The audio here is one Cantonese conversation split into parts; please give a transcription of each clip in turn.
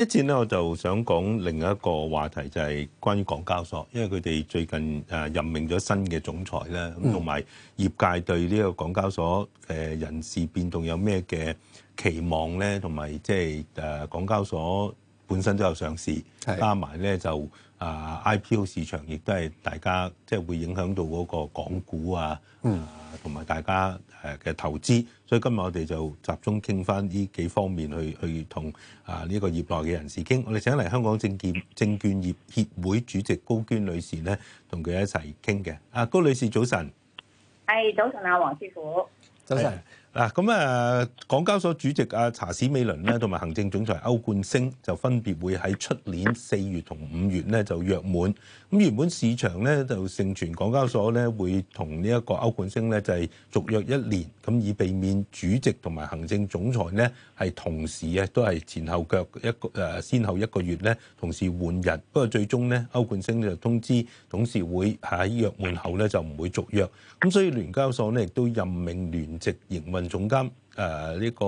一陣咧，我就想講另一個話題，就係關於港交所，因為佢哋最近誒、呃、任命咗新嘅總裁咧，同、嗯、埋業界對呢個港交所誒、呃、人事變動有咩嘅期望咧？同埋即係誒港交所本身都有上市，是加埋咧就誒、呃、IPO 市場亦都係大家即係、就是、會影響到嗰個港股啊，同埋、嗯啊、大家，誒嘅投資，所以今日我哋就集中傾返呢幾方面，去去同啊呢個業內嘅人士傾。我哋請嚟香港證券證券業協會主席高鵑女士咧，同佢一齊傾嘅。阿高女士早晨，係早晨啊，黃師傅，早晨。嗱，咁啊，港交所主席啊查史美倫咧，同埋行政總裁歐冠昇就分別會喺出年四月同五月咧就約滿。咁原本市場咧就盛傳港交所咧會同呢一個歐冠昇咧就係續約一年，咁以避免主席同埋行政總裁咧係同時啊都係前後腳一個誒，先後一個月咧同時換人。不過最終咧，歐冠昇就通知董事會喺約滿後咧就唔會續約。咁所以聯交所咧亦都任命聯席營運總監，誒呢個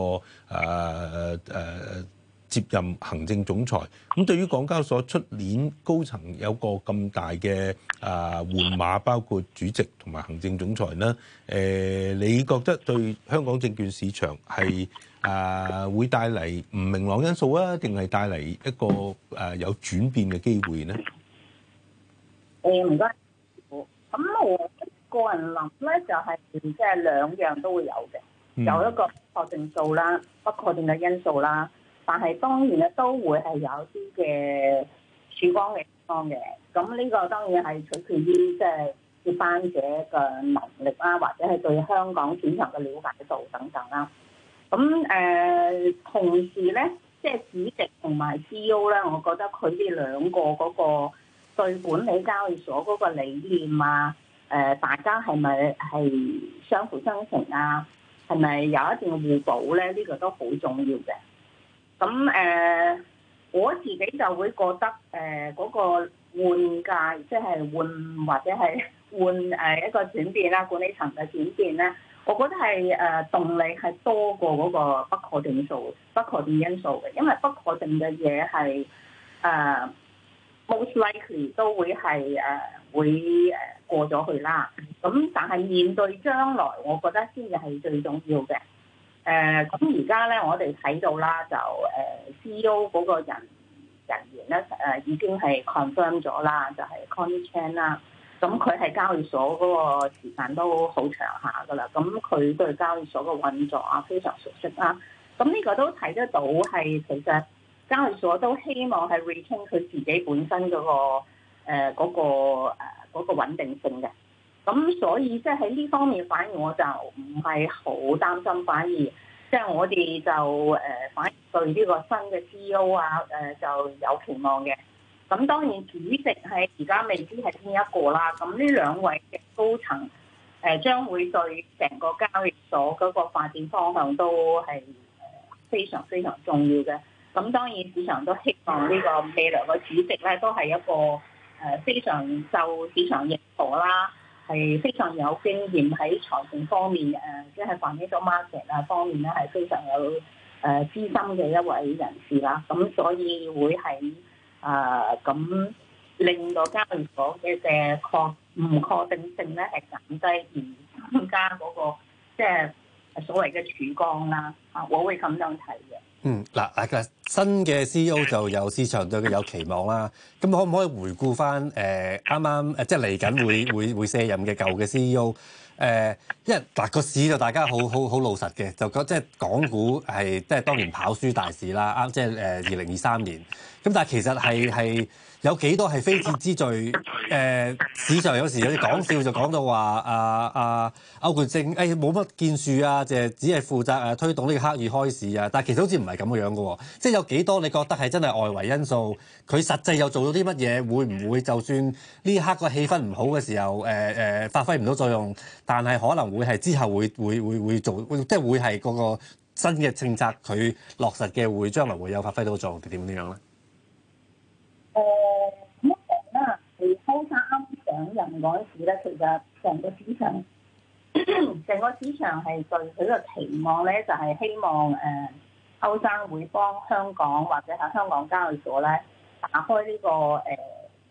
誒誒接任行政總裁。咁，對於港交所出年高層有個咁大嘅啊換馬，包括主席同埋行政總裁呢。誒，你覺得對香港證券市場係啊會帶嚟唔明朗因素啊，定係帶嚟一個誒有轉變嘅機會呢？誒唔該，好，咁我個人諗咧，就係即係兩樣都會有嘅。嗯、有一個確定數啦，不確定嘅因素啦，但係當然咧都會係有啲嘅曙光嘅地方嘅。咁呢個當然係取決於即係接班者嘅能力啦，或者係對香港市場嘅了解度等等啦。咁誒、呃，同時咧，即係主席同埋 CEO 咧，我覺得佢哋兩個嗰個對管理交易所嗰個理念啊，誒、呃，大家係咪係相輔相成啊？同埋有一定嘅互補咧？呢、這個都好重要嘅。咁誒、呃、我自己就會覺得誒嗰、呃那個換屆，即、就、係、是、換或者係換誒一個轉變啦，管理層嘅轉變咧，我覺得係誒、呃、動力係多過嗰個不確定數，不確定因素嘅，因為不確定嘅嘢係誒 most likely 都會係誒、呃、會誒。過咗去啦，咁但係面對將來，我覺得先至係最重要嘅。誒、呃，咁而家咧，我哋睇到啦，就誒、呃、CEO 嗰個人人員咧，誒已經係 confirm 咗啦，就係、是、Bonnie Chan 啦。咁佢係交易所嗰個時間都好長下噶啦，咁、嗯、佢對交易所嘅運作啊非常熟悉啦。咁、嗯、呢、這個都睇得到係其實交易所都希望係 retain 佢自己本身嗰、那個。誒嗰個誒嗰個穩定性嘅，咁所以即係喺呢方面，反而我就唔係好擔心，反而即係我哋就誒反而對呢個新嘅 CEO 啊誒就有期望嘅。咁當然主席係而家未知係邊一個啦。咁呢兩位嘅高層誒將會對成個交易所嗰個發展方向都係非常非常重要嘅。咁當然市場都希望呢個未來嘅主席咧都係一個。誒非常受市場認可啦，係非常有經驗喺財政方面，誒即係 finance market 啊方面咧係非常有誒資深嘅一位人士啦，咁所以會係啊咁令到交易所嘅嘅確唔確,確定性咧係減低，而增加嗰個即係所謂嘅曙光啦。啊，我會咁樣睇嘅。嗯，嗱，大家。新嘅 C E O 就有市場對佢有期望啦。咁可唔可以回顧翻誒啱啱誒即係嚟緊會會會卸任嘅舊嘅 C E O？誒、呃，因為嗱個、啊、市就大家好好好老實嘅，就覺得即係港股係即係當年跑輸大市啦。啱即係誒二零二三年。咁但係其實係係。有幾多係非戰之罪？誒、呃，市場有時有啲講笑就講到話啊啊，歐冠昇誒冇乜建樹啊，就係只係負責誒、啊、推動呢個刻意開市啊。但係其實好似唔係咁樣嘅喎、啊，即係有幾多你覺得係真係外圍因素？佢實際又做到啲乜嘢？會唔會就算呢刻個氣氛唔好嘅時候，誒、呃、誒、呃、發揮唔到作用？但係可能會係之後會會會會做，即係會係嗰個新嘅政策佢落實嘅會，將來會有發揮到作用點點樣咧？兩日嗰陣時咧，其實成個市場，成個市場係對佢個期望咧，就係希望誒歐生會幫香港或者喺香港交易所咧打開呢個誒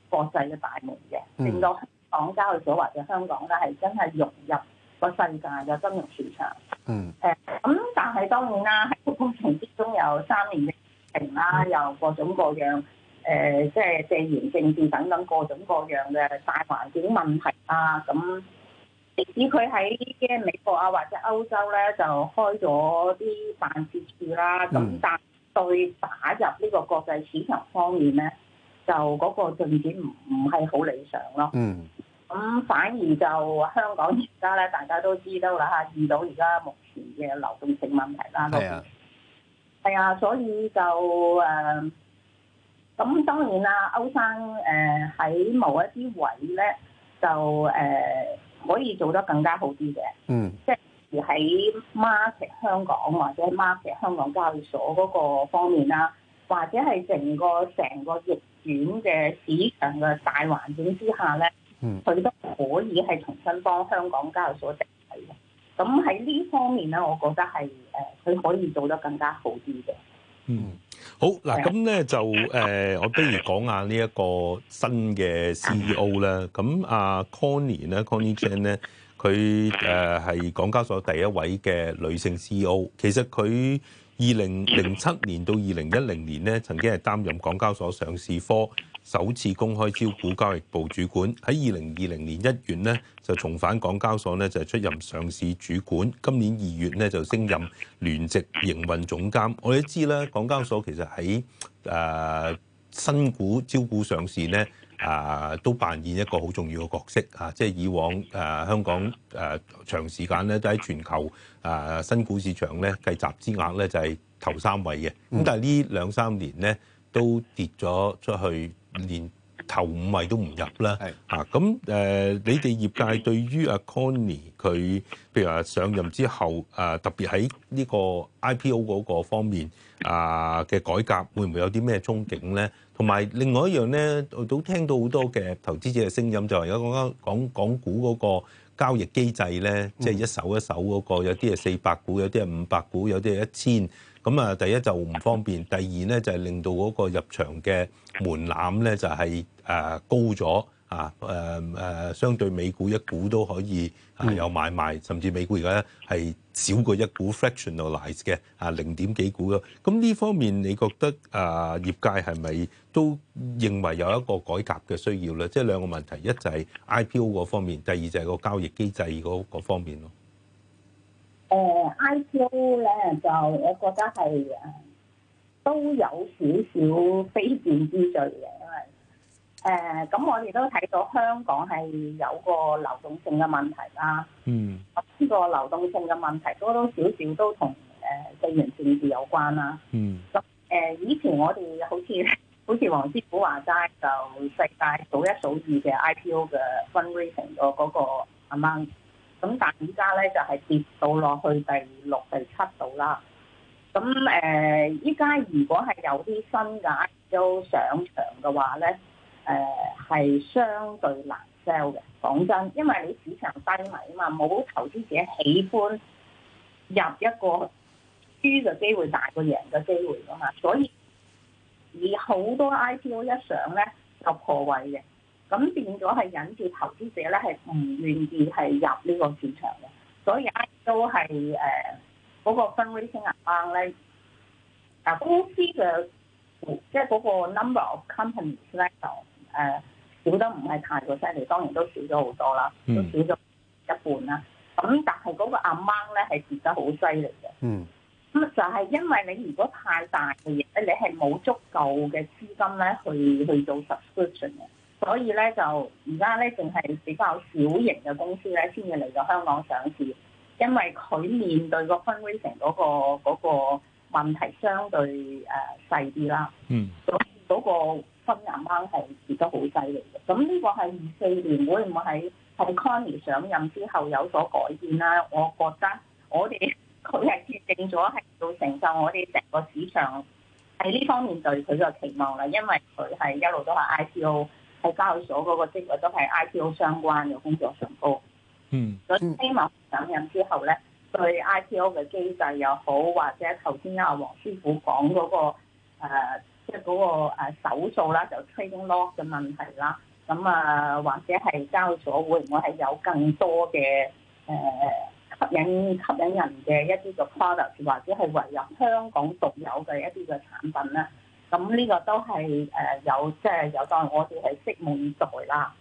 國際嘅大門嘅，令到香港交易所或者香港咧係真係融入個世界嘅金融市場。嗯。誒，咁但係當然啦，喺疫情之中有三年疫情啦，又各種各樣。誒、呃，即係借言政治等等各種各樣嘅大環境問題啊，咁即使佢喺嘅美國啊或者歐洲咧就開咗啲辦事處啦，咁、嗯、但對打入呢個國際市場方面咧，就嗰個進展唔唔係好理想咯。嗯，咁反而就香港而家咧，大家都知道啦嚇，遇到而家目前嘅流動性問題啦。係、嗯嗯、啊，係啊，所以就誒。呃咁當然啦，歐生誒喺、呃、某一啲位咧，就誒、呃、可以做得更加好啲嘅。嗯，即係喺 market 香港或者 market 香港交易所嗰個方面啦，或者係成個成個逆轉嘅市場嘅大環境之下咧，嗯，佢都可以係重新幫香港交易所定位嘅。咁喺呢方面咧，我覺得係誒佢可以做得更加好啲嘅。嗯。好嗱，咁咧就誒、呃，我不如講下呢一個新嘅 CEO 咧、啊。咁啊，Connie 咧，Connie Chan 咧，佢誒係港交所第一位嘅女性 CEO。其實佢二零零七年到二零一零年咧，曾經係擔任港交所上市科，首次公開招股交易部主管，喺二零二零年一月呢就重返港交所呢就出任上市主管，今年二月呢就升任聯席營運總監。我哋都知啦，港交所其實喺誒、呃、新股招股上市呢誒、呃、都扮演一個好重要嘅角色啊！即係以往誒、呃、香港誒、呃、長時間咧都喺全球誒、呃、新股市場咧計集資額咧就係、是、頭三位嘅，咁但係呢兩三年呢。都跌咗出去，連頭五位都唔入啦嚇。咁誒是、啊呃，你哋業界對於阿、啊、Connie 佢，譬如話上任之後，誒、呃、特別喺呢個 IPO 嗰個方面啊嘅、呃、改革，會唔會有啲咩憧憬咧？同埋另外一樣咧，我都聽到好多嘅投資者嘅聲音，就係而家講講港股嗰個交易機制咧，即、就、係、是、一手一手嗰、那個，有啲係四百股，有啲係五百股，有啲係一千。咁啊，第一就唔方便，第二咧就係令到嗰個入場嘅門檻咧就係誒高咗啊誒誒，相對美股一股都可以啊有買賣，甚至美股而家係少過一股 fractionalized 嘅啊零點幾股嘅。咁呢方面，你覺得啊業界係咪都認為有一個改革嘅需要咧？即係兩個問題，一就係 IPO 嗰方面，第二就係個交易機制嗰方面咯。誒、uh, IPO 咧就我覺得係誒都有少少非戰之罪嘅，因為誒咁、呃、我哋都睇到香港係有個流動性嘅問題啦。嗯，呢個流動性嘅問題多多少少都同誒地緣政治有關啦。嗯，咁誒、呃、以前我哋好似好似黃師傅話齋，就世界數一數二嘅 IPO 嘅 fundraising 個嗰個 amount。咁但係依家咧就係跌到落去第六、第七度啦。咁誒依家如果係有啲新嘅 IPO 上場嘅話咧，誒係相對難 sell 嘅。講真，因為你市場低迷啊嘛，冇投資者喜歡入一個輸嘅機會大過贏嘅機會啊嘛，所以而好多 IPO 一上咧就破位嘅。咁變咗係引住投資者咧，係唔願意係入呢個市場嘅。所以都係誒，嗰、呃那個 fundraising amount 咧，啊公司嘅即係嗰個 number of companies 咧就誒少得唔係太過犀利，當然都少咗好多啦，都少咗一半啦。咁但係嗰個 amount 咧係跌得好犀利嘅。嗯。咁就係因為你如果太大嘅嘢，誒你係冇足夠嘅資金咧去去做 subscription 嘅。所以咧就而家咧，淨係比較小型嘅公司咧，先至嚟到香港上市，因為佢面對個 fundraising 嗰個問題，相對誒、呃、細啲啦。嗯，所以嗰個分廿蚊係跌得好犀利嘅。咁呢個係二四年會唔會喺同 Connie 上任之後有所改變咧？我覺得我哋佢係決定咗係要承受我哋成個市場喺呢方面對佢嘅期望啦，因為佢係一路都係 IPO。喺交易所嗰個職位都係 IPO 相關嘅工作上高，嗯，所以希望上任之後咧，對 IPO 嘅機制又好，或者頭先阿黃師傅講嗰、嗰個、呃、即係嗰個手續啦，就 trading log 嘅問題啦，咁啊，或者係交易所會唔會係有更多嘅誒、呃、吸引吸引人嘅一啲嘅 product，或者係唯有香港獨有嘅一啲嘅產品咧？咁呢個都係誒有，即係有當我哋係拭目以待啦。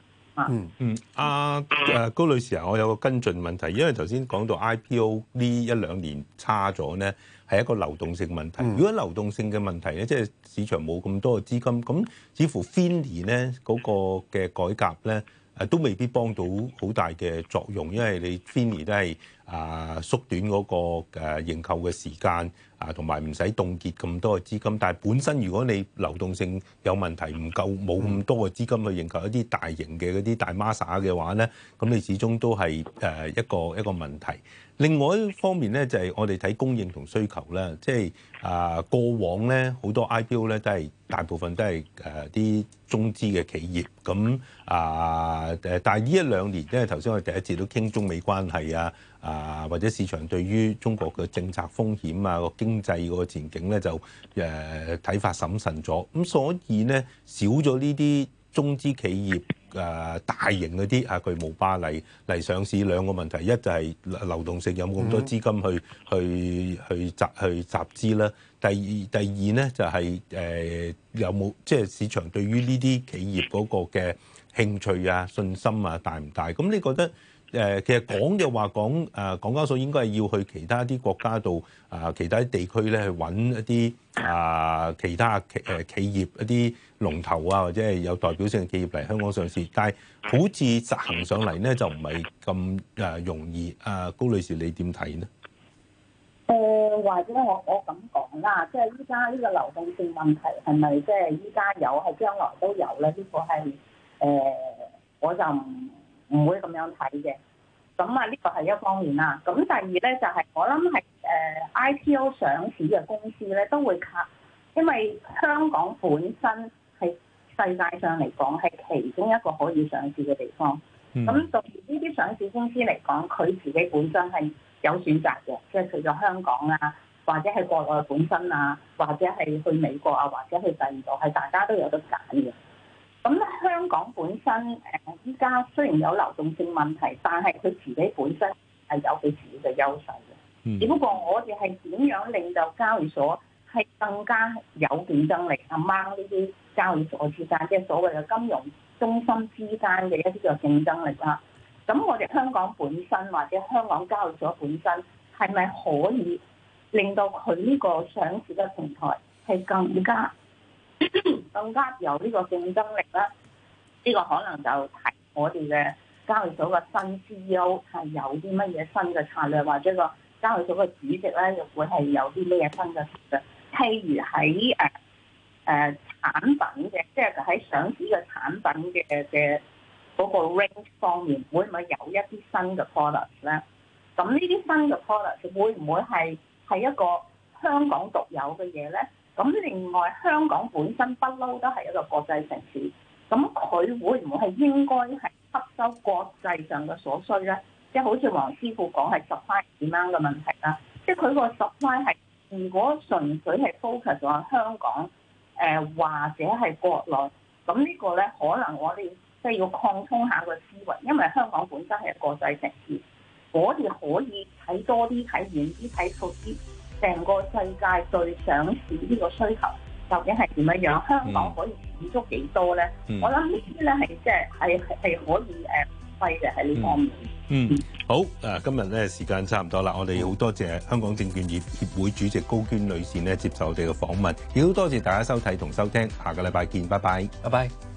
嗯嗯，阿誒高女士啊，我有個跟進問題，因為頭先講到 IPO 呢一兩年差咗咧，係一個流動性問題。如果流動性嘅問題咧，即係市場冇咁多嘅資金，咁似乎 FINI 咧嗰個嘅改革咧，誒都未必幫到好大嘅作用，因為你 FINI 都係。啊，縮短嗰個誒認購嘅時間啊，同埋唔使凍結咁多嘅資金。但係本身如果你流動性有問題，唔夠冇咁多嘅資金去認購一啲大型嘅嗰啲大 mass 嘅話咧，咁你始終都係誒一個一個問題。另外一方面咧，就係我哋睇供應同需求啦，即係啊，過往咧好多 IPO 咧都係大部分都係誒啲中資嘅企業，咁啊誒，但係呢一兩年因為頭先我哋第一次都傾中美關係啊。啊，或者市場對於中國嘅政策風險啊，個經濟個前景咧就誒睇、呃、法審慎咗，咁、嗯、所以咧少咗呢啲中資企業啊、呃，大型嗰啲啊巨無霸嚟嚟上市，兩個問題，一就係流動性有冇咁多資金去、mm hmm. 去去集去集資啦，第二第二咧就係、是、誒、呃、有冇即係市場對於呢啲企業嗰個嘅興趣啊、信心啊大唔大？咁、嗯、你覺得？誒其實講就話講誒港交所應該係要去其他啲國家度啊、呃，其他地區咧去揾一啲啊、呃、其他企誒、呃、企業一啲龍頭啊，或者係有代表性嘅企業嚟香港上市，但係好似實行上嚟咧就唔係咁誒容易。誒、呃、高女士你點睇呢？誒、呃、或者我我咁講啦，即係依家呢個流動性問題係咪即係依家有，係將來都有咧？呢、這個係誒、呃、我就唔。唔會咁樣睇嘅，咁啊呢個係一方面啦。咁第二咧就係、是、我諗係誒 IPO 上市嘅公司咧都會卡，因為香港本身係世界上嚟講係其中一個可以上市嘅地方。咁、嗯、對呢啲上市公司嚟講，佢自己本身係有選擇嘅，即係除咗香港啊，或者係國內本身啊，或者係去美國啊，或者去第二度，係大家都有得揀嘅。咁香港本身誒，依家雖然有流動性問題，但係佢自己本身係有佢自己嘅優勢嘅。只不過我哋係點樣令到交易所係更加有競爭力，啊啱呢啲交易所之間，即係所謂嘅金融中心之間嘅一啲嘅競爭力啦。咁我哋香港本身或者香港交易所本身係咪可以令到佢呢個上市嘅平台係更加？更加有呢個競爭力啦。呢個可能就提我哋嘅交易所嘅新 C E O 係有啲乜嘢新嘅策略，或者個交易所嘅主席咧會係有啲咩新嘅策略，譬如喺誒誒產品嘅，即係喺上市嘅產品嘅嘅嗰個 range 方面，會唔會有一啲新嘅 product 咧？咁呢啲新嘅 product 會唔會係係一個香港獨有嘅嘢咧？咁另外香港本身不嬲都係一個國際城市，咁佢會唔會係應該係吸收國際上嘅所需咧？即係好似黃師傅講係 supply demand 嘅問題啦，即係佢個 supply 係如果純粹係 focus 喺香港，誒或者係國內，咁呢個咧可能我哋即係要擴充下個思維，因為香港本身係一個國際城市，我哋可以睇多啲、睇遠啲、睇透啲。成個世界對上市呢個需求究竟係點樣樣？香港可以滿足幾多咧？我諗呢啲咧係即係係係可以誒批嘅喺呢方面。嗯，好啊！今日咧時間差唔多啦，我哋好多謝香港證券業協會主席高鵑女士咧接受我哋嘅訪問。亦都多謝大家收睇同收聽，下個禮拜見，拜拜，拜拜。